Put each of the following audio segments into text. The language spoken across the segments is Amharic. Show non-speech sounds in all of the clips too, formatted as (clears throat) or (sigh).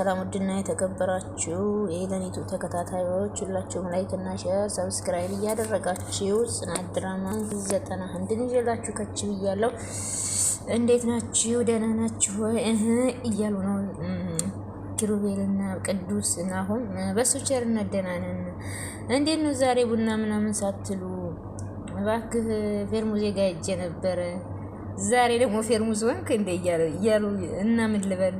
ሰላም ውድና የተከበራችሁ የለኒቱ ተከታታዮች ሁላችሁም ላይክ እና ሼር ሰብስክራይብ እያደረጋችሁ ጽናት ድራማ ዘጠና አንድን ይዤላችሁ ከች ብያለሁ። እንዴት ናችሁ? ደህና ናችሁ ወይ? እያሉ ነው ኪሩቤልና ቅዱስ። አሁን በሱ ቸርነት ደህና ነን። እንዴት ነው ዛሬ ቡና ምናምን ሳትሉ? እባክህ ፌርሙዜ ጋ ሄጄ ነበረ። ዛሬ ደግሞ ፌርሙዝ ወንክ እንደ እያሉ እና ምን ልበል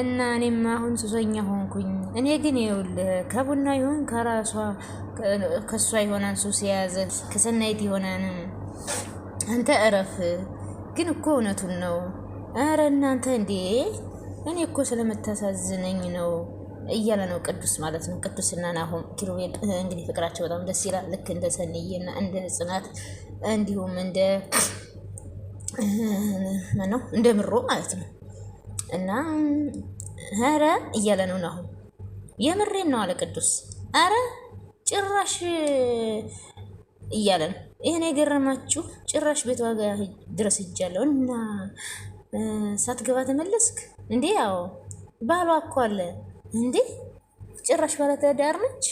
እና እኔም አሁን ሱሰኛ ሆንኩኝ። እኔ ግን ይውል ከቡና ይሆን ከራሷ ከእሷ ይሆናን ሱስ የያዘን ከሰናይት ይሆናን አንተ እረፍ። ግን እኮ እውነቱን ነው። አረ እናንተ እንዴ! እኔ እኮ ስለምታሳዝነኝ ነው እያለ ነው ቅዱስ ማለት ነው። ቅዱስና ናሆም ኪሩቤል እንግዲህ ፍቅራቸው በጣም ደስ ይላል። ልክ እንደ ሰንዬና እንደ ጽናት እንዲሁም እንደ ማነው እንደ ምሮ ማለት ነው። እና ኧረ እያለ ነው አሁን የምሬን ነው አለ ቅዱስ። ኧረ ጭራሽ እያለ ነው። ይህን የገረማችሁ ጭራሽ ቤቷ ዋጋ ድረስ ሂጃለሁ እና ሳትገባ ተመለስክ እንዴ? አዎ ባሏ እኮ አለ እንዴ? ጭራሽ ባለትዳር ነች?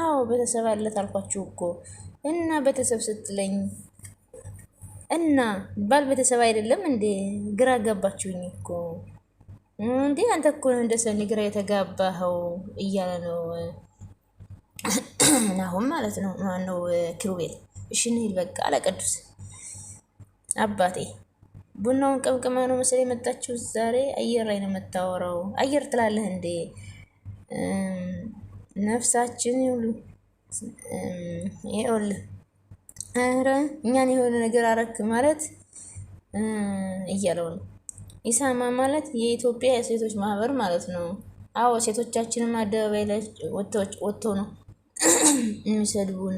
አዎ ቤተሰብ አለት አልኳችሁ እኮ እና ቤተሰብ ስትለኝ እና ባል ቤተሰብ አይደለም እንዴ? ግራ ገባችሁኝ እኮ እንዴ አንተ እኮ ነው እንደ ሰኒ ግራ የተጋባኸው እያለ ነው (clears throat) ናሁን ማለት ነው። ማነው ኪሩቤል። እሺ እንሂድ በቃ አለ ቅዱስ። አባቴ ቡናውን ቀምቅማ ነው መሰለኝ የመጣችው ዛሬ። አየር ላይ ነው የምታወራው። አየር ትላለህ እንዴ? ነፍሳችን ይሉ ይኸውልህ፣ ኧረ እኛን የሆነ ነገር አረክ ማለት እያለው ነው ኢሳማ ማለት የኢትዮጵያ የሴቶች ማህበር ማለት ነው። አዎ ሴቶቻችንም አደባባይ ላይ ወጥቶ ነው (clears throat) የሚሰድቡን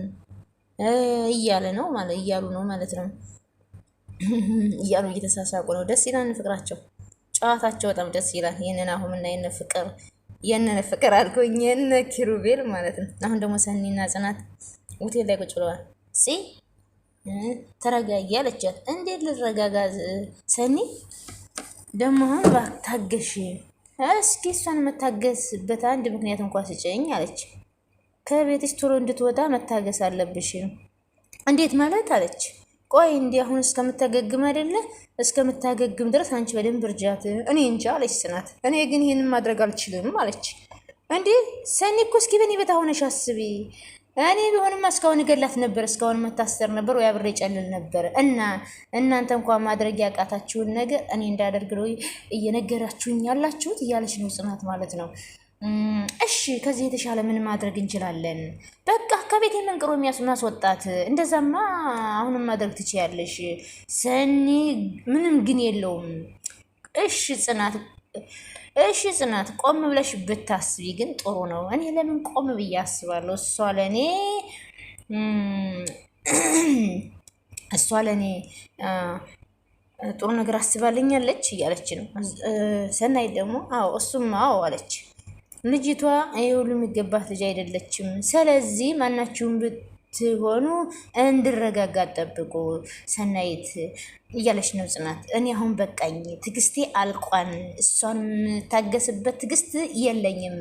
እያለ ነው ማለት እያሉ ነው ማለት ነው። (clears throat) እያሉ እየተሳሳቁ ነው። ደስ ይላል። ፍቅራቸው፣ ጨዋታቸው በጣም ደስ ይላል። ይህንን አሁን እና የነ ፍቅር የነ ፍቅር አልኩኝ የነ ኪሩቤል ማለት ነው። አሁን ደግሞ ሰኒና ጽናት ሆቴል ላይ ቁጭ ብለዋል። ሲ ተረጋጊ አለቻት። እንዴት ልረጋጋ ሰኒ ደግሞ አሁን ባታገሽ እስኪ እሷን መታገስበት አንድ ምክንያት እንኳ ስጭኝ አለች። ከቤትሽ ቶሎ እንድትወጣ መታገስ አለብሽ። እንዴት ማለት አለች። ቆይ እንዲ አሁን እስከምታገግም አይደለ? እስከምታገግም ድረስ አንቺ በደንብ እርጃት። እኔ እንጃ አለች ጽናት። እኔ ግን ይህንን ማድረግ አልችልም አለች። እንዴ ሰኒ እኮ እስኪ በእኔ ቤት አሁነሽ አስቢ እኔ ቢሆንማ እስካሁን እገላት ነበር፣ እስካሁን መታሰር ነበር ወይ አብሬ ጨልል ነበር። እና እናንተ እንኳን ማድረግ ያቃታችሁን ነገር እኔ እንዳደርግ ነው እየነገራችሁኝ ያላችሁት እያለች ነው ጽናት ማለት ነው። እሺ ከዚህ የተሻለ ምን ማድረግ እንችላለን? በቃ ከቤት መንቅሮ ማስወጣት። እንደዛማ አሁንም ማድረግ ትችያለሽ ሰኒ። ምንም ግን የለውም። እሺ ጽናት እሺ ጽናት ቆም ብለሽ ብታስቢ ግን ጥሩ ነው። እኔ ለምን ቆም ብዬ አስባለሁ? እሷ ለእኔ እሷ ለእኔ ጥሩ ነገር አስባልኛለች እያለች ነው። ሰናይ ደግሞ አዎ እሱም አዎ አለች። ልጅቷ ይህ የሚገባት ልጅ አይደለችም። ስለዚህ ማናችሁም ስትሆኑ እንድረጋጋ ጠብቁ ሰናይት እያለች ነው ጽናት። እኔ አሁን በቃኝ፣ ትግስቴ አልቋን፣ እሷን የምታገስበት ትግስት የለኝም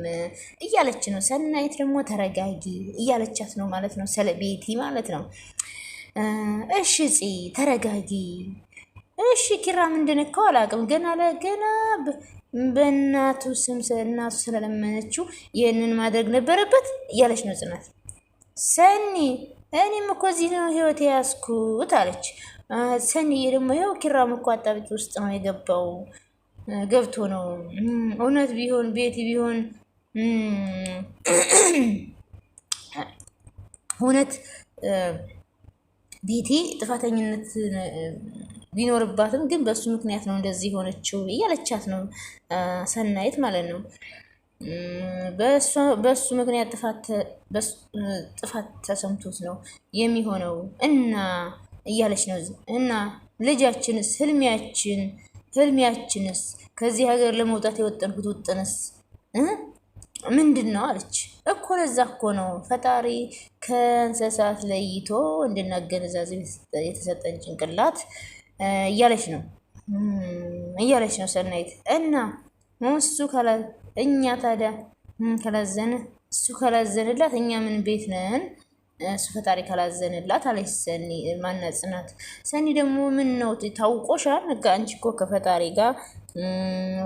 እያለች ነው። ሰናይት ደግሞ ተረጋጊ እያለቻት ነው ማለት ነው፣ ሰለቤቲ ማለት ነው። እሺ ፂ ተረጋጊ። እሺ ኪራ ምንድን እኮ አላውቅም ገና ለገና በእናቱ ስም እናቱ ስለለመነችው ይህንን ማድረግ ነበረበት እያለች ነው ጽናት። ሰኒ እኔም እኮ እዚህ ነው ህይወት የያዝኩት አለች። ሰኒዬ ደግሞ ይኸው ኪራም እኮ አጣቢት ውስጥ ነው የገባው ገብቶ ነው እውነት ቢሆን ቤቲ ቢሆን እውነት ቤቲ ጥፋተኝነት ቢኖርባትም ግን በእሱ ምክንያት ነው እንደዚህ የሆነችው እያለቻት ነው ሰናይት ማለት ነው። በእሱ ምክንያት ጥፋት ተሰምቶት ነው የሚሆነው እና እያለች ነው እና ልጃችንስ ህልሚያችን ህልሚያችንስ ከዚህ ሀገር ለመውጣት የወጠንኩት ውጥንስ ምንድን ነው አለች እኮ። ለዛ እኮ ነው ፈጣሪ ከእንስሳት ለይቶ እንድናገነዛዝብ የተሰጠን ጭንቅላት እያለች ነው እያለች ነው ሰናይት እና እሱ እኛ ታዲያ ከላዘን እሱ ከላዘንላት እኛ ምን ቤት ነን? እሱ ፈጣሪ ካላዘንላት አለች ሰኒ ማናት ጽናት። ሰኒ ደግሞ ምን ነው ታውቆሻል፣ ህጋ አንቺ እኮ ከፈጣሪ ጋር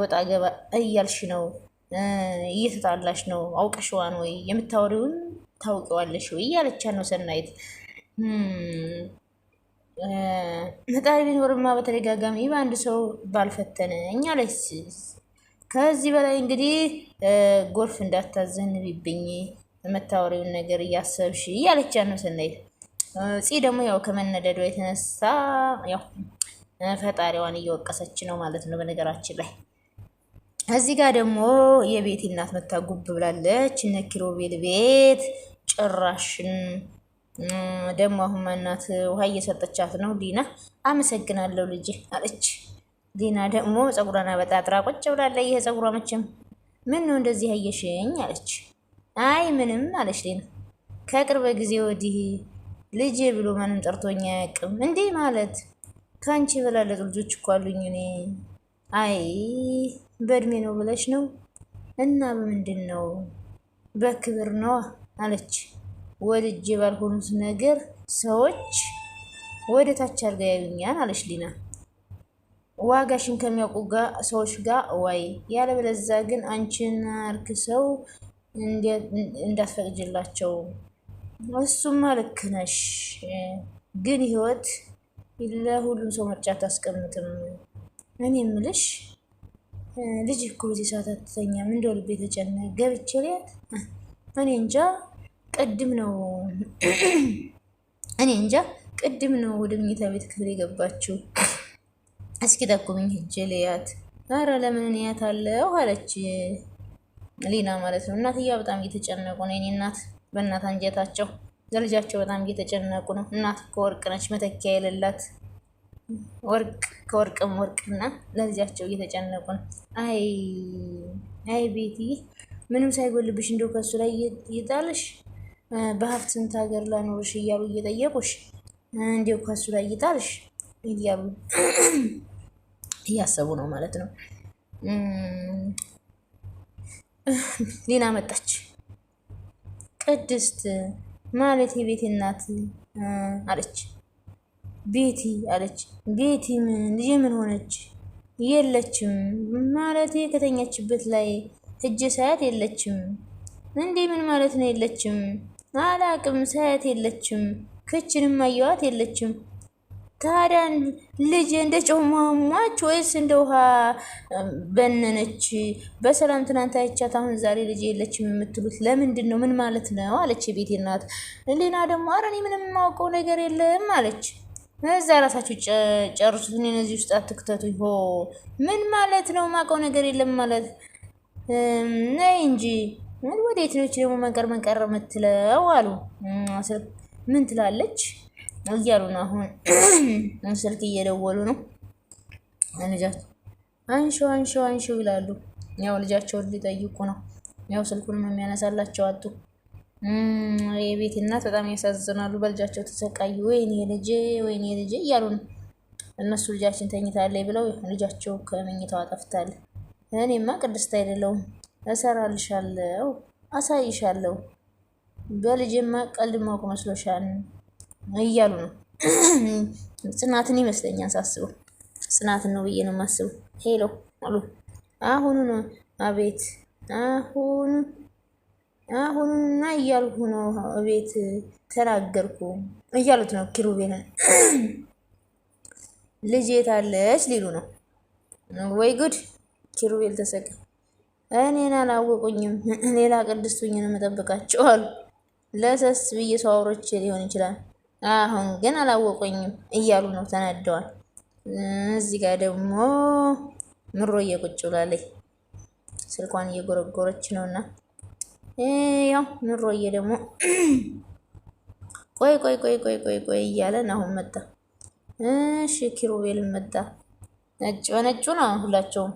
ወጣ ገባ እያልሽ ነው፣ እየተጣላሽ ነው። አውቀሽዋን ወይ የምታወሪውን ታውቂዋለሽ ወይ እያለቻ ነው ሰናይት። ፈጣሪ ቢኖርማ በተደጋጋሚ በአንድ ሰው ባልፈተነኝ አለች ከዚህ በላይ እንግዲህ ጎልፍ እንዳታዘንብብኝ የምታወሪውን ነገር እያሰብሽ እያለች ነው ስናይት ፂ ደግሞ ያው ከመነደዷ የተነሳ ያው ፈጣሪዋን እየወቀሰች ነው ማለት ነው። በነገራችን ላይ እዚህ ጋር ደግሞ የቤቲ እናት መታጉብ ብላለች። እነ ኪሮቤል ቤት ጭራሽን ደግሞ አሁን እናት ውሃ እየሰጠቻት ነው። ዲና አመሰግናለሁ ልጅ አለች። ዲና ደግሞ ፀጉሯን አበጣጥራ ቁጭ ብላለች። ይሄ ፀጉሯ መቼም ምን ነው እንደዚህ አየሽኝ አለች። አይ ምንም አለች ዲና። ከቅርብ ጊዜ ወዲህ ልጅ ብሎ ማንም ጠርቶኝ አያውቅም። እንዲህ ማለት ከአንቺ የበላለጡ ልጆች እኮ አሉኝ እኔ። አይ በእድሜ ነው ብለሽ ነው? እና በምንድን ነው? በክብር ነዋ አለች። ወልጄ ባልሆኑት ነገር ሰዎች ወደ ታች አድርጋ ያዩኛል አለች ሊና። ዋጋሽን ከሚያውቁ ሰዎች ጋር ዋይ፣ ያለበለዚያ ግን አንቺን አርክሰው እንዳትፈቅጅላቸው። እሱማ ልክ ነሽ፣ ግን ህይወት ለሁሉም ሰው ምርጫ አታስቀምጥም። እኔ ምልሽ ልጅ እኮ በዚህ ሰዓት አትተኛም። እንደው ልቤ ተጨነቀ። ገብቼ ሊያት እኔ እንጃ ቅድም ነው (clears throat) እኔ እንጃ ቅድም ነው ወደ ምኝታ ቤት ክፍል የገባችው። እስኪ ጠቁምኝ ሂጄ ልያት። ኧረ ለምን እንያት አለው አለች ሊና ማለት ነው። እናትያ በጣም እየተጨነቁ ነው። የኔ እናት በእናት አንጀታቸው ለልጃቸው በጣም እየተጨነቁ ነው። እናት ከወርቅ ነች፣ መተኪያ የሌላት ወርቅ ከወርቅም ወርቅና ለልጃቸው እየተጨነቁ ነው። አይ አይ ቤቲ ምንም ሳይጎልብሽ እንደው ከሱ ላይ ይጣልሽ በሀብት ስንት ሀገር ላኖርሽ እያሉ እየጠየቁሽ እንዲው ከሱ ላይ ይጣልሽ እያሉ እያሰቡ ነው ማለት ነው። ሊና መጣች። ቅድስት ማለት የቤቴ እናት አለች። ቤቲ አለች። ቤቲ ምን ምን ሆነች? የለችም ማለት ከተኛችበት ላይ እጅ ሳያት የለችም እንዴ? ምን ማለት ነው የለችም? አላቅም ሳያት የለችም። ክችንም አየዋት የለችም ታዲያ ልጅ እንደ ጮማማች ወይስ እንደ ውሃ በነነች? በሰላም ትናንት አይቻት፣ አሁን ዛሬ ልጅ የለችም የምትሉት ለምንድን ነው? ምን ማለት ነው አለች የቤቴ እናት። ሌና ደግሞ ኧረ እኔ ምንም የማውቀው ነገር የለም አለች። እዛ ራሳችሁ ጨርሱት፣ እነዚህ እዚህ ውስጥ አትክተቱ። ይሆ ምን ማለት ነው? የማውቀው ነገር የለም ማለት ነይ እንጂ ወዴት ነች ደግሞ መንቀር መንቀር የምትለው አሉ። ምን ትላለች? እያሉ ነው። አሁን ስልክ እየደወሉ ነው። ልጃቸው አንሹ አንሹ አንሹ ይላሉ። ያው ልጃቸውን ሊጠይቁ ነው። ያው ስልኩንም የሚያነሳላቸው አጡ። የቤት እናት በጣም ያሳዝናሉ። በልጃቸው ተሰቃዩ። ወይኔ ልጄ፣ ወይኔ ልጄ እያሉ ነው እነሱ። ልጃችን ተኝታለች ብለው ልጃቸው ከመኝታዋ ጠፍታለች። እኔማ ቅድስት አይደለውም እሰራልሻለሁ፣ አሳይሻለሁ። በልጄማ ቀልድ ማውቅ መስሎሻል? እያሉ ነው። ጽናትን ይመስለኛል ሳስበው፣ ጽናትን ነው ብዬ ነው የማስበው። ሄሎ አሉ። አሁኑ ነው አቤት፣ አሁኑ አሁኑና እያልኩ ነው አቤት፣ ተናገርኩ እያሉት ነው። ኪሩቤልን ልጅ የታለች ሊሉ ነው። ወይ ጉድ! ኪሩቤል ተሰቀ። እኔን አላወቁኝም፣ ሌላ ቅድስቱኝን መጠበቃቸው አሉ። ለሰስ ብዬ ሰው አውሮቼ ሊሆን ይችላል አሁን ግን አላወቁኝም እያሉ ነው ተናደዋል። እዚህ ጋር ደግሞ ምሮ እየቁጭ ብላለች ስልኳን እየጎረጎረች ነውና ያው ምሮዬ ደግሞ ቆይ ቆይ ቆይ ቆይ ቆይ ቆይ እያለ አሁን መጣ። እሺ ኪሩቤል መጣ። ነጭ በነጩ ነው ሁላቸውም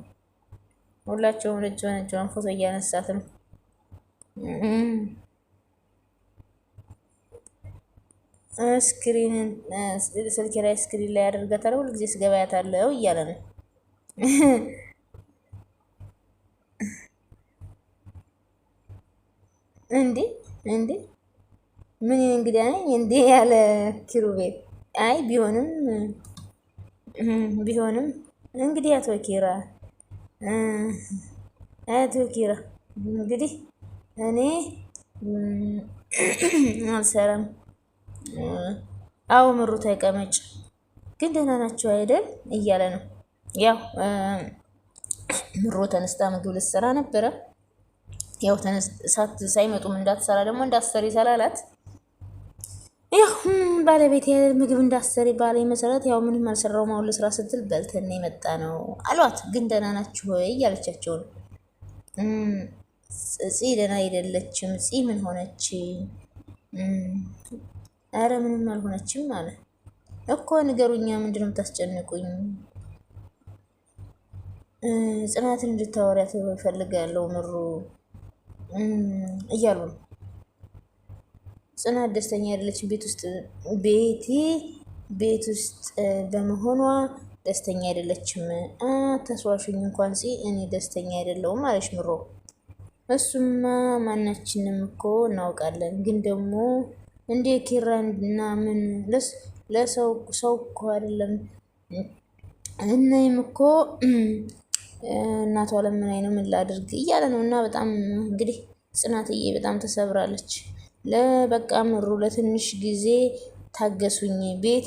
ሁላቸውም ነጭ በነጩ ነው ፎቶ እያነሳትም ስክሪንን ስልኬ ላይ ስክሪን ላይ አደርጋታለሁ ሁልጊዜ እያለ ነው። እንዴ እንዴ ምን እንግዲያ ነኝ እንዴ ያለ ኪሩቤ። አይ ቢሆንም ቢሆንም እንግዲህ አቶ ኪራ አቶ ኪራ እንግዲህ እኔ አልሰራም አዎ ምሩ ተቀመጭ፣ ግን ደህና ናቸው አይደል እያለ ነው። ያው ምሮ ተነስታ ምግብ ልትሰራ ነበረ። ያው ሳይመጡም እንዳትሰራ ደግሞ እንዳትሰሪ ሰላላት። ያው ባለቤት ምግብ እንዳትሰሪ ባለ መሰረት ያው ምንም ማልሰራው ማውል ስራ ስትል በልተን የመጣ ነው አሏት። ግን ደህና ናችሁ ወይ እያለቻቸው ነው። ፂ ደህና አይደለችም። ፂ ምን ሆነች? አረ ምንም አልሆነችም አለ እኮ ንገሩኛ፣ ምንድን ነው የምታስጨንቁኝ? ጽናትን እንድታወሪያት እፈልጋለሁ ምሩ እያሉ ነው። ጽናት ደስተኛ አይደለችም። ቤት ውስጥ ቤቴ ቤት ውስጥ በመሆኗ ደስተኛ አይደለችም። ተስዋሽኝ እንኳን ሲ እኔ ደስተኛ አይደለውም አለች ምሮ። እሱማ ማናችንም እኮ እናውቃለን፣ ግን ደግሞ እንዴ ኪራ ምን ለስ ለሰው ሰው እኮ አይደለም። እኔም እኮ እናቷ ለምን ነው ምን ላድርግ እያለ ነው። እና በጣም እንግዲህ ጽናትዬ በጣም ተሰብራለች። ለበቃ ምሩ ለትንሽ ጊዜ ታገሱኝ፣ ቤቴ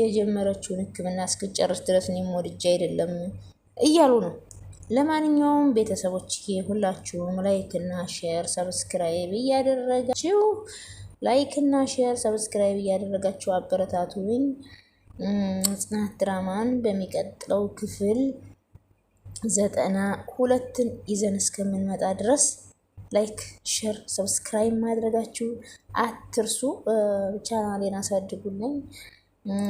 የጀመረችውን ሕክምና እስክጨርስ ድረስ እኔም ወድጄ አይደለም እያሉ ነው። ለማንኛውም ቤተሰቦች ሁላችሁም ላይክ እና ሼር ሰብስክራይብ እያደረጋችሁ ላይክ እና ሼር ሰብስክራይብ እያደረጋችሁ አበረታቱኝ። ጽናት ድራማን በሚቀጥለው ክፍል ዘጠና ሁለትን ይዘን እስከምንመጣ ድረስ ላይክ፣ ሼር፣ ሰብስክራይብ ማድረጋችሁ አትርሱ። ቻናሌን አሳድጉልኝ።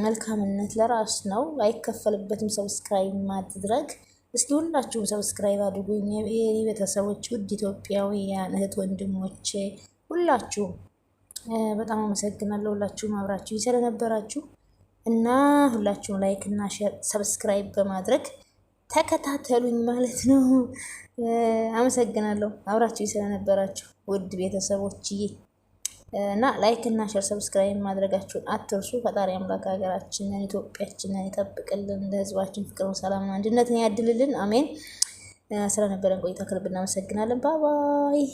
መልካምነት ለራስ ነው፣ አይከፈልበትም። ሰብስክራይብ ማድረግ እስኪ ሁላችሁም ሰብስክራይብ አድርጉኝ። ቤተሰቦች፣ ውድ ኢትዮጵያዊ እህት ወንድሞቼ ሁላችሁም በጣም አመሰግናለሁ ሁላችሁም አብራችሁ ስለነበራችሁ እና ሁላችሁም ላይክ እና ሼር ሰብስክራይብ በማድረግ ተከታተሉኝ ማለት ነው። አመሰግናለሁ አብራችሁ ስለነበራችሁ ውድ ቤተሰቦችዬ እና ላይክ እና ሸር ሰብስክራይብ ማድረጋችሁን አትርሱ። ፈጣሪ አምላክ ሀገራችንን ኢትዮጵያችንን ይጠብቅልን፣ ለህዝባችን ፍቅርን፣ ሰላምን አንድነትን ያድልልን። አሜን። ስለነበረን ቆይታ ከልብ እናመሰግናለን። ባባይ